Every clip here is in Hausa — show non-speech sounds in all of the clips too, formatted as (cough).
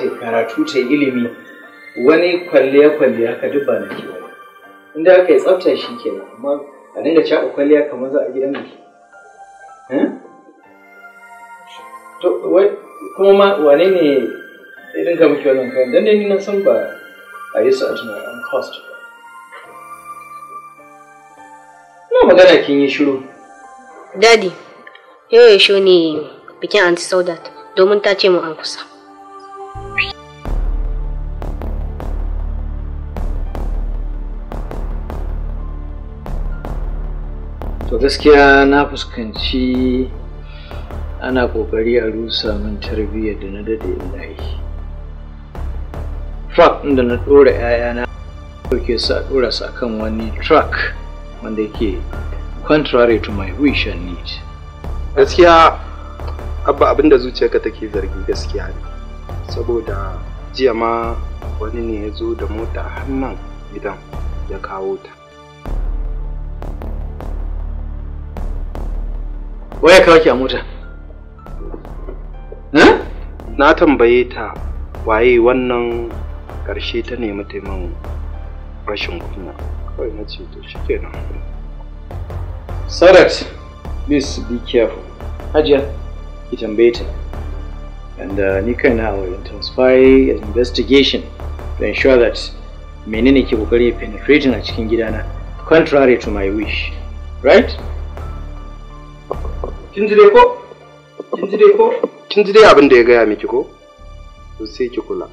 ta karatu ta ilimi wani kwalliya kwalliya haka duk ba na ke wani inda aka yi tsafta shi ke nan amma a dinga caɓa kwalliya kamar za a gidan eh? wai kuma ma wane ne irin ka miki wannan kai dan ni na san ba a yi su a tunan an cost ba magana kin yi shiru daddy yau ya ne bikin anti saudat domin ta ce mu an kusa to gaskiya na fuskanci ana ƙoƙari a rusa min tarbiyyar da na dade ina yi inda da na ɗora yayana ɗauke su a dora su kan wani truck wanda yake contrary to my wish and need gaskiya abba abinda zuciyarka take zargi gaskiya ne saboda jiya ma wani ne ya zo da mota hannun gidan ya kawo ta waya kawo ki a mota eh? na tambaye ta waye wannan ƙarshe ta nemi taimakon rashin kunya kawai na ce to shikenan sarat please be careful hajiya ki tambaye ta And uh, ni kaina will intensify investigation to ensure that menene ke kokari penetrating a cikin gidana contrary to my wish. Right? Kin ji dai ko? Kin ji dai ko? Kin ji dai abin da ya gaya miki ko? To sai ki kula.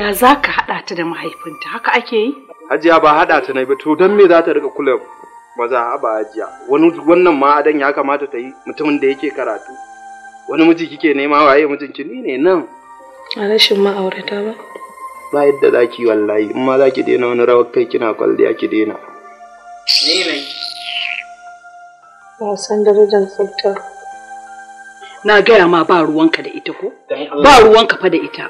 Ya za ka haɗa ta da mahaifinta haka ake yi? Hajiya ba haɗa ta na ba to don me za ta riga kula maza ba hajiya wani wannan ma ya kamata ta yi mutumin da yake karatu wani miji kike nema waye ki ni ne nan a rashin ma'aurata ba ba yadda zaki ki wallahi in ma zaki daina wani rawar kai kina kwalliya ki daina ni ne ba san darajar sulta na gaya ma ba ruwanka da ita ko ba ruwanka fa da ita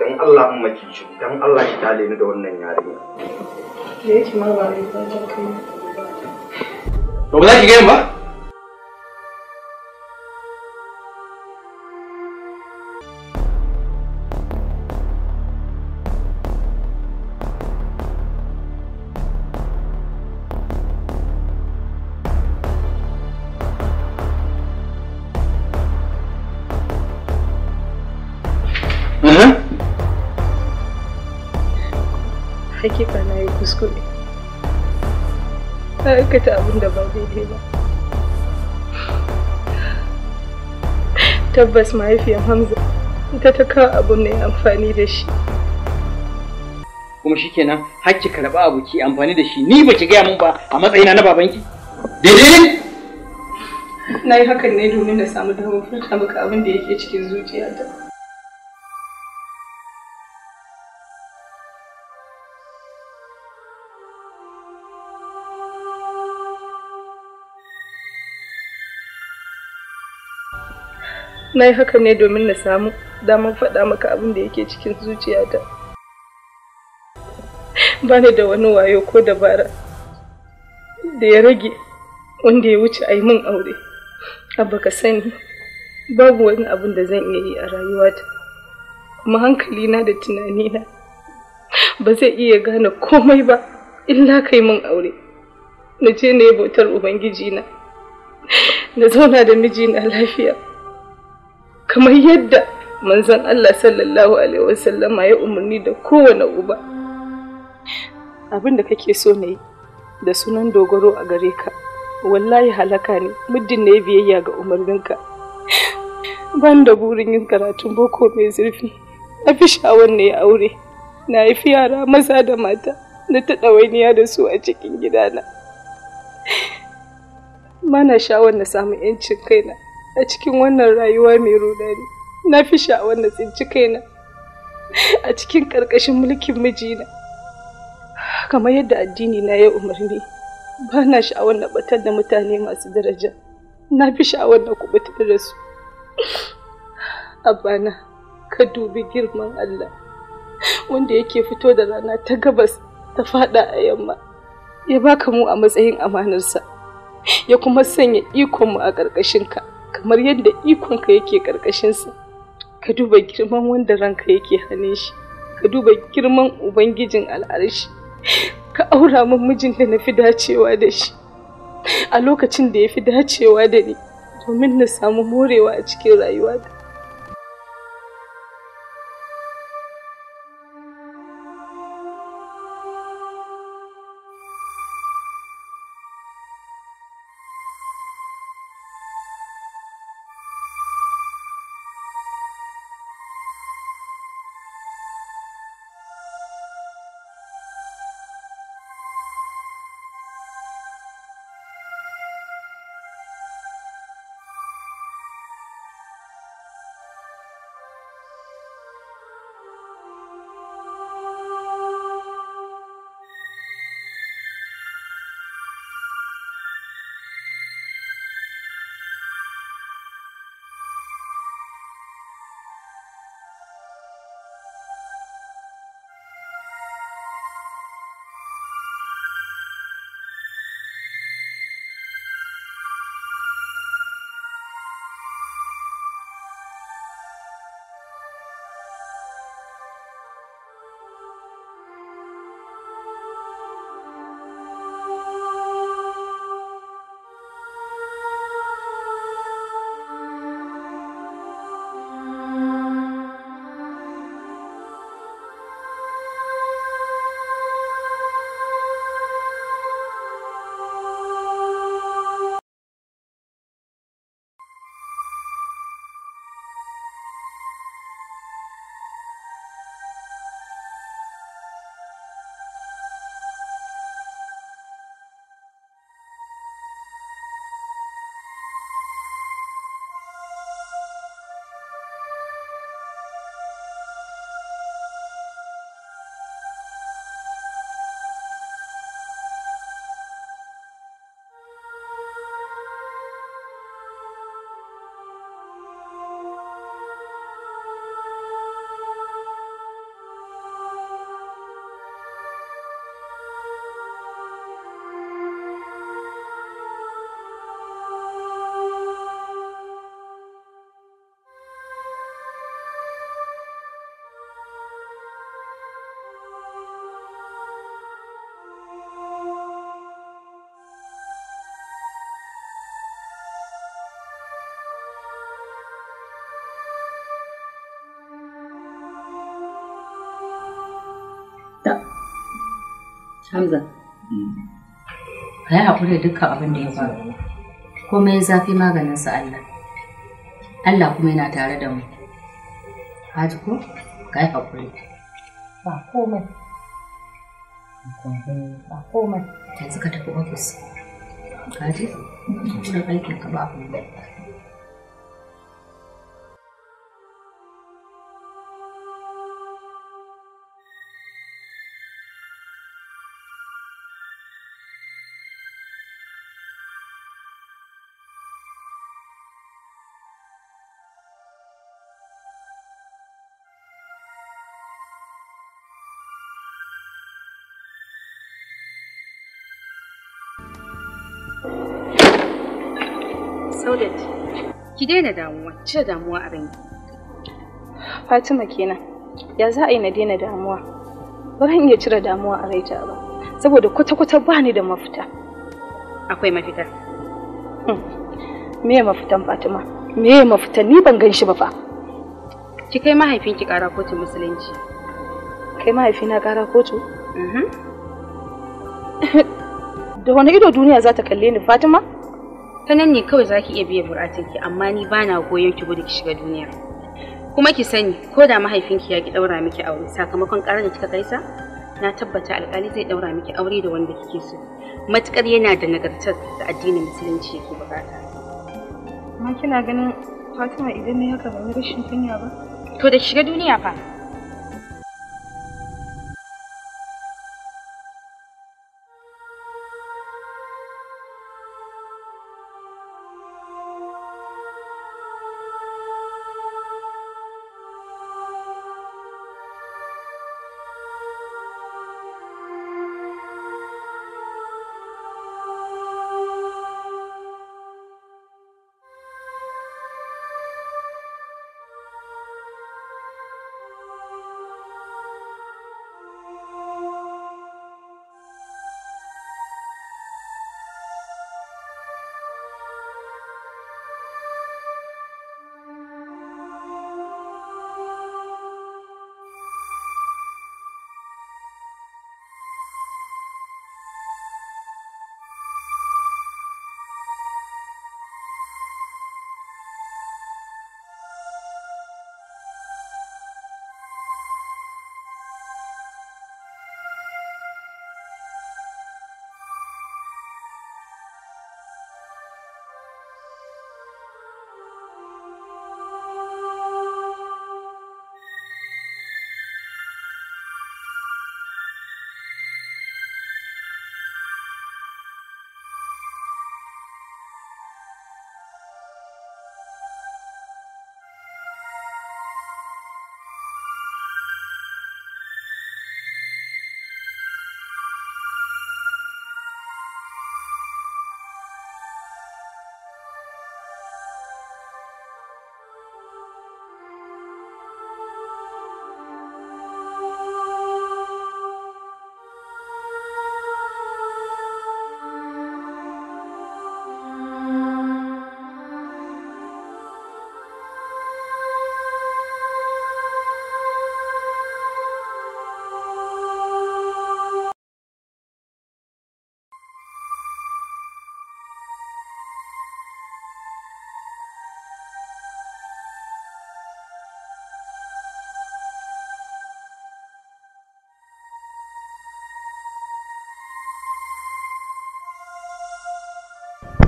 dan Allah in ki shi dan Allah ki tale ni da wannan yarinya ne yake ma ba ne ta to ba za ki gaya ba kuskure na aikata abin da ba daidai ba tabbas mahaifiyar hamza ita ta kawo abin da ya amfani da shi kuma shikenan har ki karba abu ki amfani da shi ni ba ki gaya min ba a matsayina na babanki daidai ne na yi hakan ne domin na samu damar furta maka abin da yake cikin zuciyata na yi haka ne domin na samu damar faɗa maka abin da yake cikin zuciyata ba ni da wani wayo ko dabara da ya rage wanda ya wuce a yi min aure abba ka sani babu wani abin da zan iya yi a rayuwata kuma na da tunanina ba zai iya gane komai ba illa kai min aure na je na yi bautar ubangijina na zauna da mijina lafiya kamar yadda manzon Allah sallallahu alaihi wasallama ya umarni da kowane uba abin da kake so na yi da sunan dogaro a gare ka wallahi halaka ne muddin na ya biyayya ga umarninka ban da burin yin karatun boko mai zurfi na fi shawar na aure na haifi yara maza da mata na ta ɗawainiya da su a cikin gidana mana shawar na samu 'yancin kaina a cikin wannan rayuwa mai rudani na fi sha'awar na tsinci kaina a cikin ƙarƙashin mulkin mijina kamar yadda addini na ya umarni ba na sha'awar na batar da mutane masu daraja na fi sha'awar na kubutar da su abana ka dubi girman allah wanda yake fito da rana ta gabas ta fada a yamma ya baka mu a matsayin amanarsa ya kuma sanya ikonmu a ƙarƙashinka. ka kamar yadda ikonka yake ƙarƙashinsa ka duba girman wanda ranka yake hannun shi ka duba girman ubangijin al'arshi ka aura min mijin da na fi dacewa da shi a lokacin da ya fi dacewa da ni domin na samu morewa a cikin rayuwata Hamza. Mm. Ka yi haƙuri dukkan abin da ya faru. Komai zafi maganin sa Allah. Allah kuma yana tare da mu. Haji ko? Ka yi haƙuri. Ba komai. Ba komai. Yanzu ka tafi ofis. Kaji? Cikin aikin ka ba komai. Saudat, ki daina damuwa, cire damuwa a ranki. Fatima kenan, ya za a yi na daina damuwa? Ba ran iya cire damuwa a raita ba, saboda kwata-kwata ba ni da mafita. Akwai mafita. Hmm. Me mafitan Fatima? Me mafita? ni ban gan shi ba fa. Ki kai mahaifinki ƙara kotun musulunci. Kai mahaifina ƙara kotu? Mhm. (laughs) da wani ido duniya za ta kalle ni fatima ta nan ne kawai za ki iya biya ki, amma ni ba na goyon ki gudu ki shiga duniya kuma ki sani ko da mahaifinki ya ki ɗaura miki aure sakamakon ƙarar da kika kaisa na tabbata alƙali zai ɗaura miki aure da wanda kike so Matukar yana da nagartar da addinin musulunci yake buƙata amma kina ganin fatima idan ne haka ba rashin kunya ba to da shiga duniya fa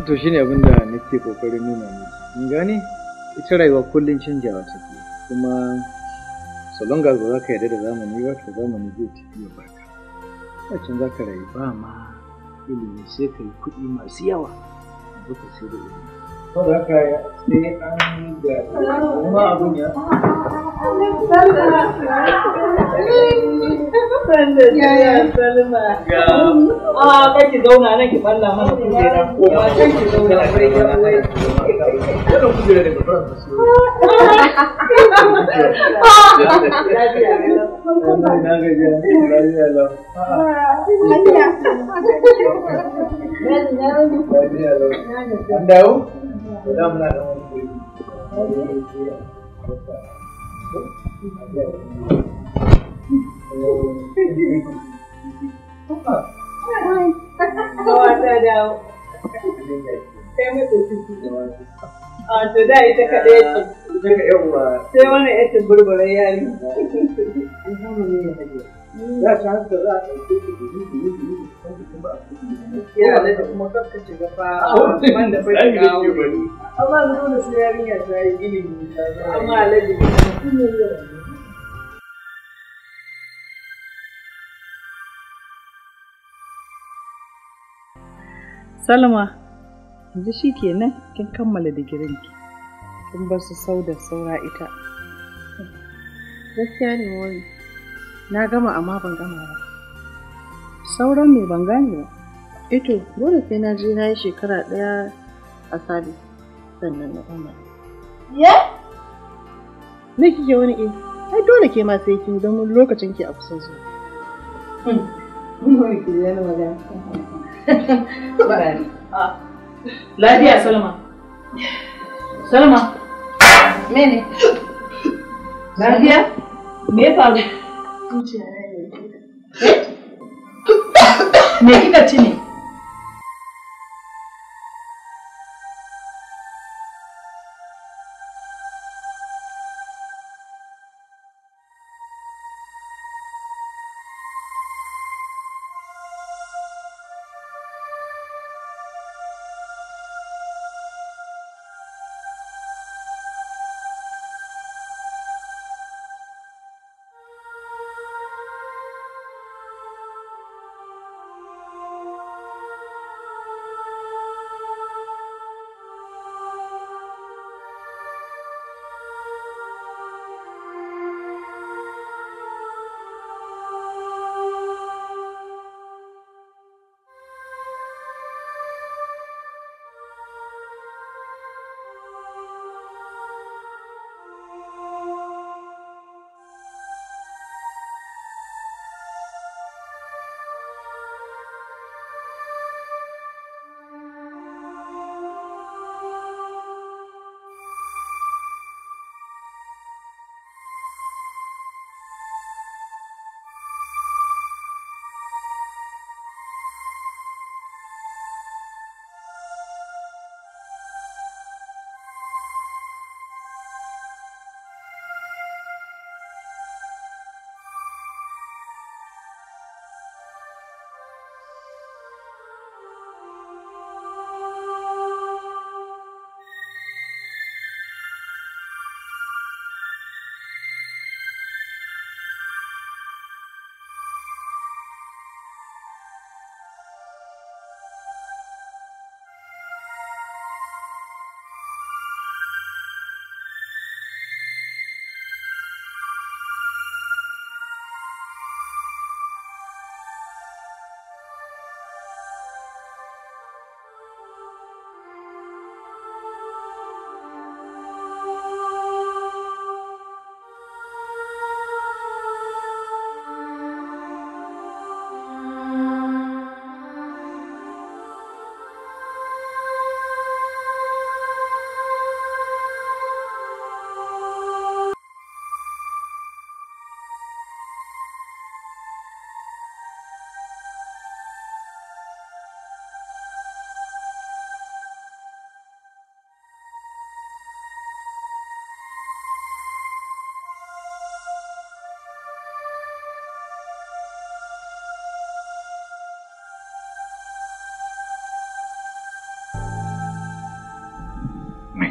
to shine abin da nake kokarin nuna ne in gane ita rayuwa kullum canjawa take kuma so ba za ka yarda da zamani ba ta zamani zai tafi ya baka can za ka rayu ba ma ilimi sai ka yi kuɗi masu yawa a duka sai da ilimi haka sai an da kuma abin ya Salma. a kai ki zauna nan ki balla mana kujera ko ba kai ki zauna kai ya wai wannan kujera ne ba An Ai. Kawa ta dawo. Kai to da ita kaɗai ce. Sai wani yacin ta haka za a ɗauke da yi da yi da yi da ba a yi Yana da kuma yi shiga yi ban yi fa shiga wuri. Amma zuwa da su yarinya ta yi Salma, yanzu shi kenan kin kammala digirin ki. Kin bar su sau da saura ita. Gaskiya ne wani. Na gama amma ban gama ba. Sauran me ban gane ba. Ito, dole sai na je na yi shekara ɗaya a Sadi sannan na gama. Ye? Me kike wani e? Ai dole ke ma sai kin don lokacin ki a kusa zuwa. Hmm. Mun ki yana magana. Ah. Lafiya Salma. Salma. Mene? Lafiya? Me ya faru? Eh? Me kika ci ne?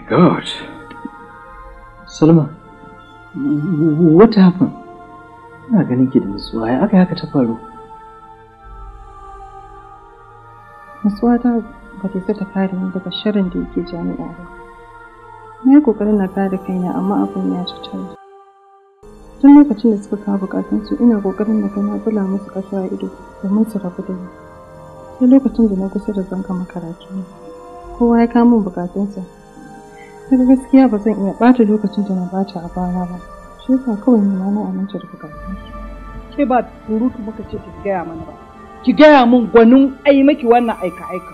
God. Salma, what happened? Ina ganin ki da nutsuwa, ya aka haka ta faru? Nutsuwa ta ba ta ta kare ni daga shirin da yake jami'a ba. Na yi ƙoƙarin na kare kaina amma abin ya ci tare. Tun lokacin da suka kawo bukatunsu ina ƙoƙarin na gana bula musu ƙasa ido domin su rabu da ni. Sai lokacin da na kusa da zanka makaratu kowa ya kawo min bukatunsa daga gaskiya ba zan iya bata lokacin da na ɓata a baya ba shi yasa kawai ni ma na aminta da kuka ke ba surutu muka ce ki gaya mana ba ki gaya min gwanin ai maki wannan aika aika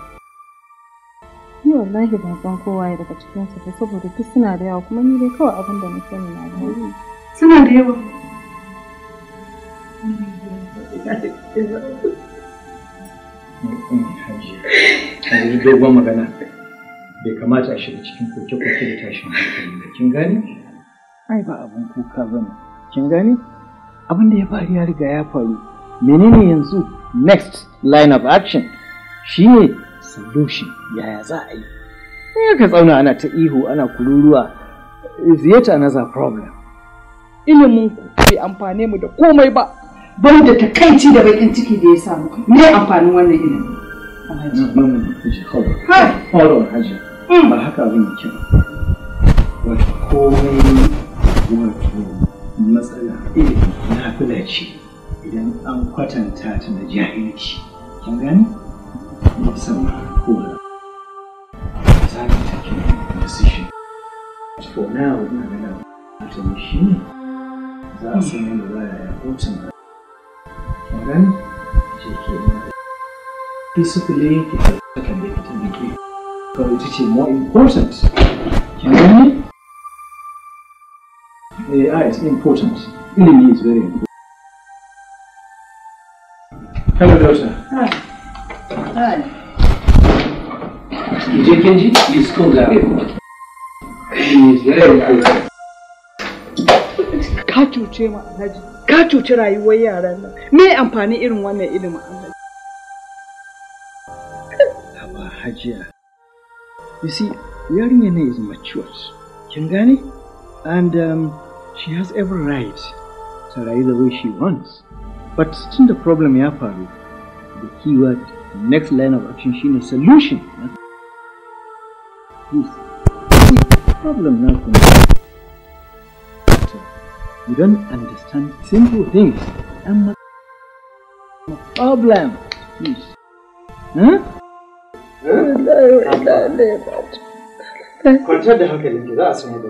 ni wallahi ban san kowa ya daga cikin su saboda duk suna da yawa kuma ni dai kawai abin da na sani na suna da yawa bai kamata a shiga cikin koke-koke da tashin hankali ba kin gane ai ba abin kuka bane kin gane abin da ya faru ya riga ya faru menene yanzu next line of action shine solution yaya za a yi ya ka tsauna ana ta ihu ana kururuwa ziyarta another problem ilimin ku bai amfane mu da komai ba ban da takaici da bakin ciki da ya samu ne amfanin wannan ilimin hau, mm, mm, mm, Hold on, Hajiya. Hmm. ba haka abin yake ba wato komai wato matsala ilimi na ce idan an kwatanta ta da jahilci kin gani musamman kora take decision for now ina ne za a san yadda za a yi ba kin gani ke ki tabbata da kitan da ke but it ce more important hear me? AI is important ilimi is very important hello daughter hi hi je kenji ji is kun ga is very important ka cuce mu alhaji ka cuce rayuwar yaran nan me amfani irin wannan ilimin alhaji hajiya You see, yarinya ne is matured. Kin And um, she has every right to ride the way she wants. But still, the problem ya faru, the keyword next line of action she shine solution. Please, problem now comes. You don't understand simple things. I'm a problem. Please. Huh? Kwantar da hankalin ki za a sanya da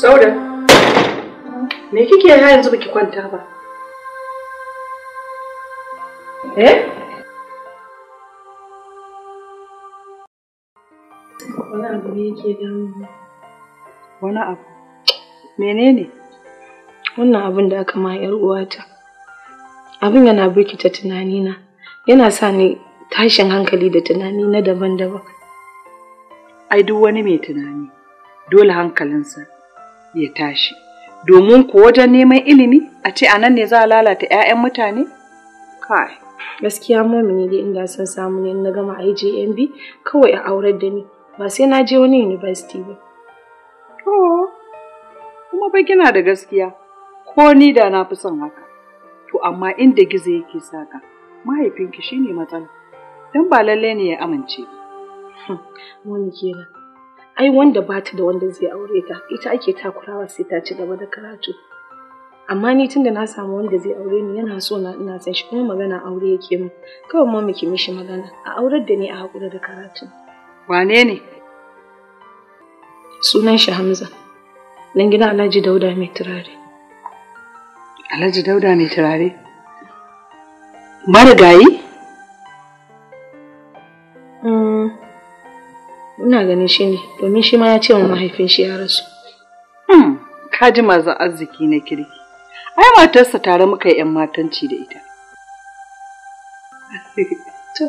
Sauda, me kike har yanzu baki kwanta ba? Eh? Wani abu ne yake damu. Wani abu? Menene? Wannan abin da aka ma 'yar uwata. Abin yana birkita tunanina, yana sa ni tashin hankali da tunani na daban-daban. Ai duk wani mai tunani, dole hankalinsa ya tashi domin ku wajen neman ilimi a ce anan ne za a lalata 'ya'yan mutane kai gaskiya mamini dai inda sun samu ne na gama IJMB kawai a aurar da ni ba sai na je wani university ba to oh, kuma ba gina da gaskiya ko ni da na fi son haka to amma inda gizo yake saka mahaifinki shine matsala don ba lallai ne ya amince ba. Wani ai wanda ba ta da wanda zai aure ta ita ake takurawa sai ta ci gaba da karatu amma ni tunda na samu wanda zai aure ni yana so na ina san shi kuma magana aure yake mu kawai mu muke mishi magana a aurar da ni a hakura da karatu wane ne sunan shi Hamza nan gidan Alhaji Dauda mai turare Alhaji Dauda mai turare marigayi ina ganin shi ne domin shi ma ya ce wa mahaifin shi ya rasu hmm ka ji mazan arziki na kirki ai matarsa tare muka yan matanci da ita (laughs) to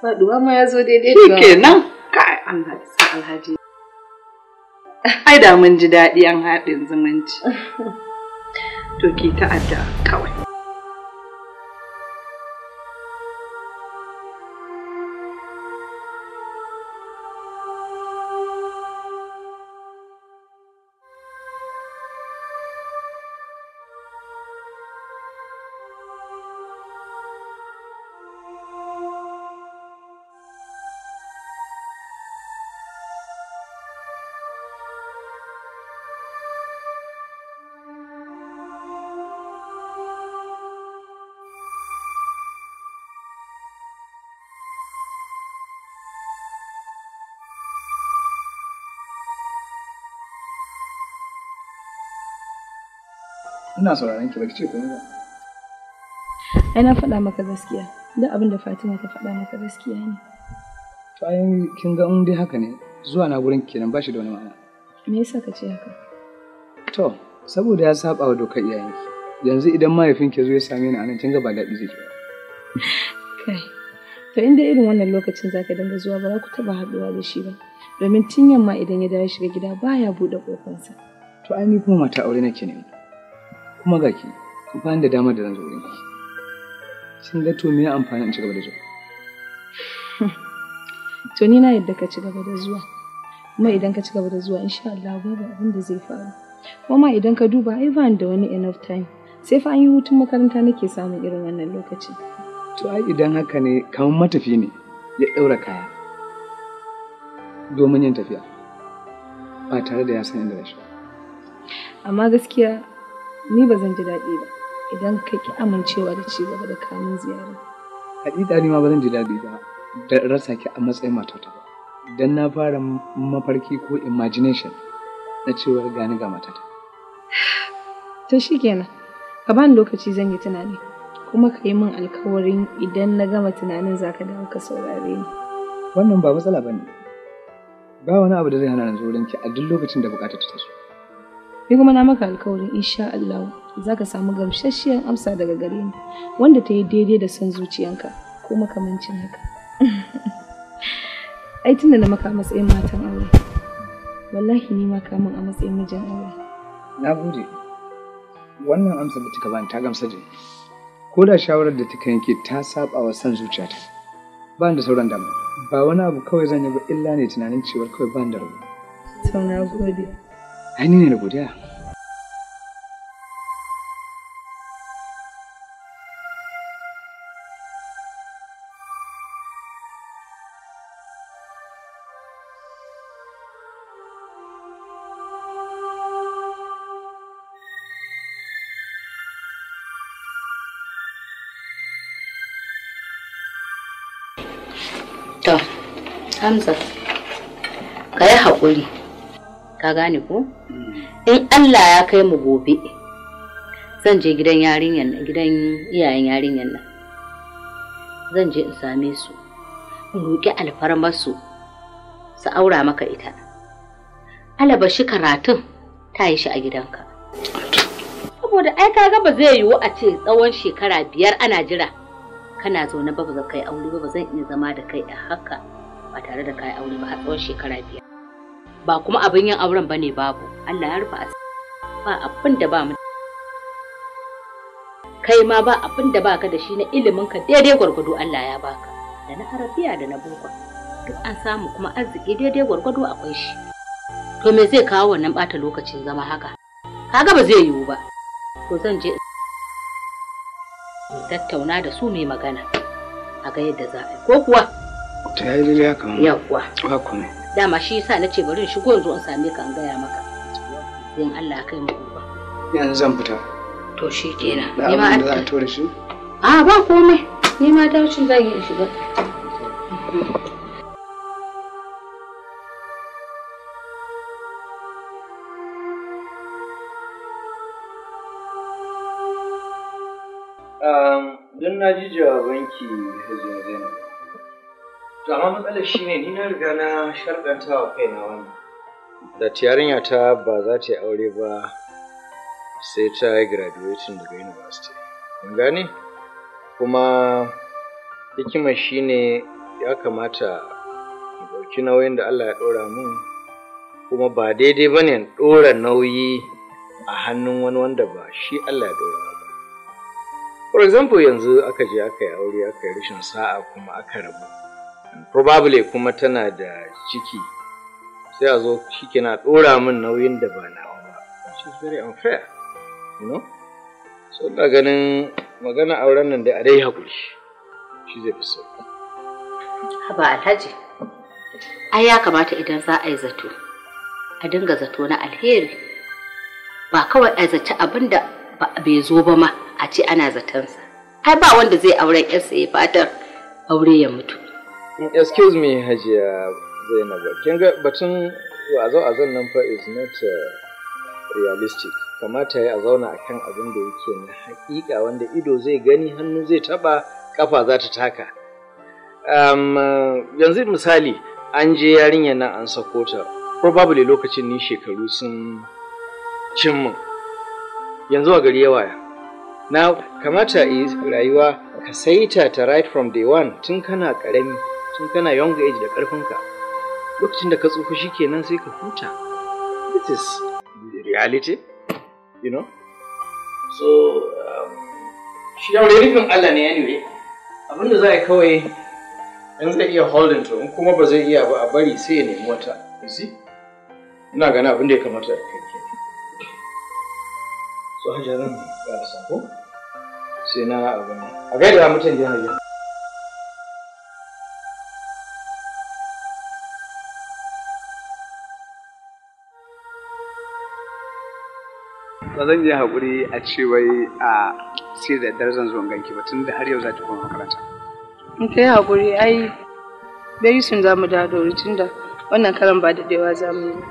faduwa ma ya zo daidai shi kenan kai Allah ya sa alhaji ai da mun ji daɗi an haɗin zumunci (laughs) to ki ta'adda adda ina sauraron ki baki ce komai ba ai na faɗa maka gaskiya duk abin da Fatima ta faɗa maka gaskiya ne to ai kin ga in dai haka ne zuwa na gurin kenan ba shi da wani ma'ana me yasa ka ce haka to saboda ya saba wa dokar iyayenki yanzu idan mahaifin ke zo ya same ni anan kin ga ba daɗi zai ba. (laughs) kai to inda irin wannan lokacin za ka dinga zuwa ba za ku taba haɗuwa da shi ba domin tun yamma idan ya dawo shiga gida baya buɗe ƙofarsa to ai ni kuma mata aure nake ne kuma ga ki bani da damar da zan zo ki shin ga to me amfani in ci gaba da zuwa (laughs) to ni na yadda ka ci gaba da zuwa kuma idan ka ci gaba da zuwa insha Allah babu abin da zai faru kuma idan ka duba ai ba da wani enough time sai fa an yi hutun makaranta nake samun irin wannan lokaci to ai idan haka ne kamar matafi ne ya ɗaura kaya domin yin tafiya ba tare da ya san inda shi amma gaskiya ni ba zan ji daɗi ba idan ka ki amincewa da ci gaba da kamun ziyara. Hakika ni ma ba zan ji daɗi ba da rasa ki a matsayin matata ba. Dan na fara mafarki ko imagination na cewar gani ga ta. To shi kenan, ka bani lokaci zan yi tunani kuma ka yi min alkawarin idan na gama tunanin za ka dawo ka saurare ni. Wannan ba matsala ba Ba wani abu da zai hana zo ki a duk lokacin da bukatar ta taso. ni kuma na maka alkawarin insha Allah za ka samu gamsasshiyar amsa daga gare ni wanda ta yi daidai da son zuciyanka ko makamancin haka (laughs) ai tunda na maka a matsayin matan aure wallahi ni ma kamun a matsayin mijin aure na gode wannan amsa da kika bani ta gamsa da ni ko da shawarar da kika yanke ta saba wa son zuciyata ba da sauran damu ba wani abu kawai zan yi ba illa ne tunanin cewar kawai ba da rabu Sau na gode ai ne da godiya To, Hamza, ka yi haƙuri. ka gane ko in Allah ya kai mu gobe zan je gidan yarinyar nan gidan iyayen yarinyar nan zan je in same su in roƙi alfarmar su su aura maka ita alaba shi karatun ta yi shi a gidanka saboda ai kaga ba zai yiwu a ce tsawon shekara biyar ana jira kana zaune ba ba kai aure ba ba zan iya zama da kai a haka ba tare da kai aure ba har tsawon shekara biyar ba kuma abin yin auren bane babu Allah ya rufa ba abin da ba mu kai ma ba abin da baka da shi na ilimin ka daidai gwargwado Allah ya baka da na arabiya da na boko duk an samu kuma arziki daidai gwargwado akwai shi to me zai kawo wannan bata lokacin zama haka kaga ba zai yiwu ba to zan je tattauna da su mai magana a ga yadda za a yi ko kuwa ta yi ya kama yawwa ba kuma dama shi yasa na ce bari in shigo in in same ka an gaya maka in Allah ya kai mu gobe yanzu zan fita to shi kenan ni ma za a shi a ba komai ni ma dawacin zan yi shiga Don na ji jawabanki Hajiya Zainab. To amma matsalar shi ne ni na riga na sharɗanta wa kaina wani. Da yarinya ta ba za ta yi aure ba sai ta yi graduation daga university. Kun gane? Kuma hikima shi ne ya kamata in ɗauki nauyin da Allah ya ɗora mun kuma ba daidai ba ne ɗora nauyi a hannun wani wanda ba shi Allah ya ɗora ba. For example yanzu aka je aka yi aure aka yi rashin sa'a kuma aka rabu. probably kuma tana da ciki sai a zo shi ke na ɗora min nauyin da ba nawa ba which is very unfair you know so ina ganin magana auren nan da a dai haƙuri shi zai fi sauƙi haba alhaji ai ya kamata idan za a yi zato a dinga zato na alheri ba kawai a zaci abin da bai zo ba ma a ce ana zatansa ai ba wanda zai auren yarsa ya fatar aure ya mutu excuse me hajiya zainabu kin ga batun wazo azan nan fa is not uh, realistic kamata ya zauna a kan abin da yake na hakika wanda ido zai gani hannu zai taba kafa za ta taka um, uh, yanzu misali an je yarinyar nan an sako ta probably lokacin ni shekaru sun cin yanzu a gari yawa na kamata rayuwa ka saita ta right from day one tun kana karami tun kana young age da ƙarfinka lokacin da ka tsufa shi kenan sai ka huta this is the reality you know so um, shi aure nufin Allah ne anyway abinda za a yi kawai in zai iya holding to kuma ba zai iya ba a bari sai ya nemi wata you see ina gani abin da ya kamata kai so hajjar zan sako sai na abin a gaida mutum jihar ba zan yi haƙuri a ce wai a sai da daddare zan zo in ganki ba tun da har yau za ta koma makaranta. In kai haƙuri ai bai sun za mu dawo da tun da wannan karan ba da daɗewa za mu yi.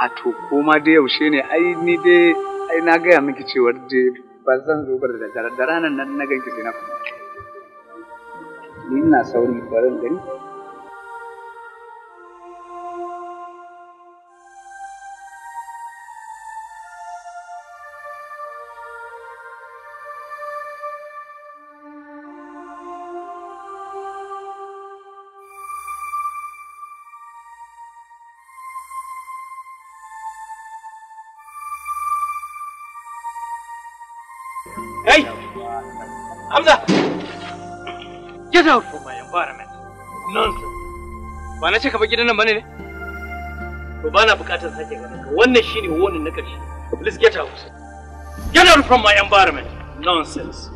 A to koma da yaushe ne ai ni dai ai na gaya miki cewar da ba zan zo ba da daddare da ranar nan na ganki sai na Ni ina sauri barin gani. Get Ba na ce ka bar nan bane ne? To ba na bukatar sake ganin ka. Wannan shine wannan na ƙarshe. Please get out. Get out from my environment. Nonsense.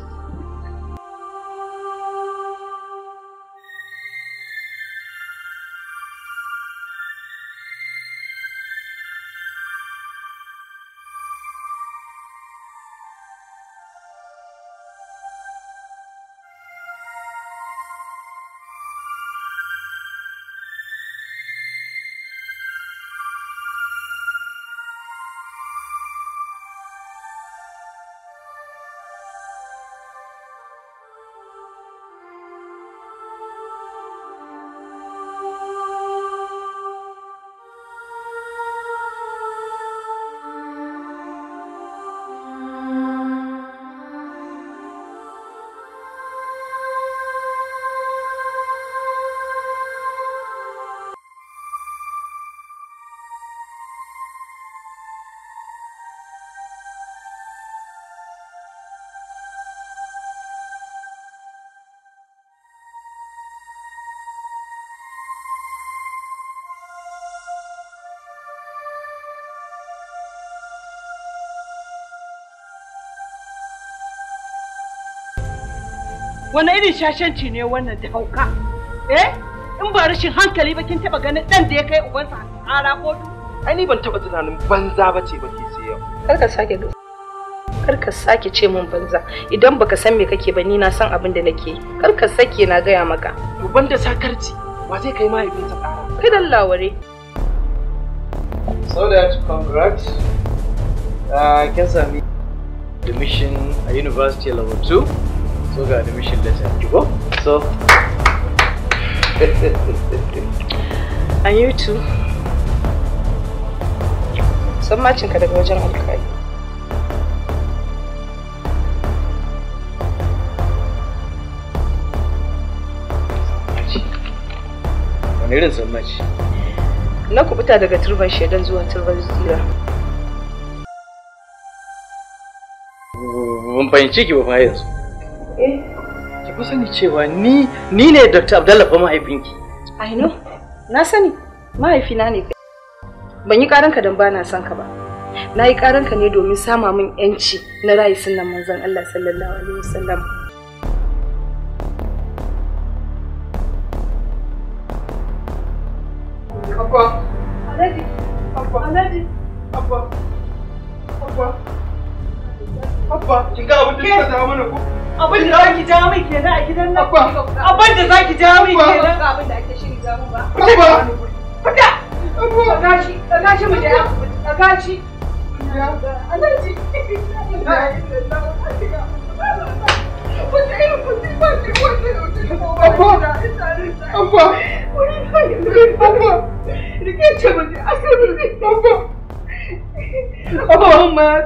wani irin shashanci ne wannan da hauka eh in ba rashin hankali ba kin taba ganin dan da ya kai ubansa kara kotu ai ni ban taba tunanin banza ba ce ba ke sai yau kar ka sake kar ka sake ce min banza idan baka san me kake ba ni na san abin da nake kar ka sake na gaya maka to banda sakarci wa zai kai mahaifinsa kara kai dan laware so that congrats uh, kin sami admission a university level 2 So ga admission letter you go. So (laughs) And you too. Sammacin ka daga wajen alkali. Wani irin maci Na kubuta daga turban shaidan zuwa turban zira. Mun fahimci ki ba fa yanzu. Eh? Ki fi sani cewa ni ni ne Dr. Abdallah fa mahaifinki. I know. Na sani. Mahaifina ne. Ban yi karanka don bana son ka ba. Na yi karanka ne domin sama min yanci na rayu sunan manzon Allah sallallahu alaihi wasallam. Abba. Abba, Abba. Abba, Abba. Abba. Abba. Kin ga abin da Abba, zama Abba, Abba, Abin da ki ja min kenan a gidan nan. Abin da zaki ja min kenan. abin da ake shiri ja min ba. Abba. Fita. Abba. Daga shi, daga shi mu je Abba. Abba. Abba. Abba. Oh, mano. não não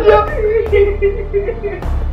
não não não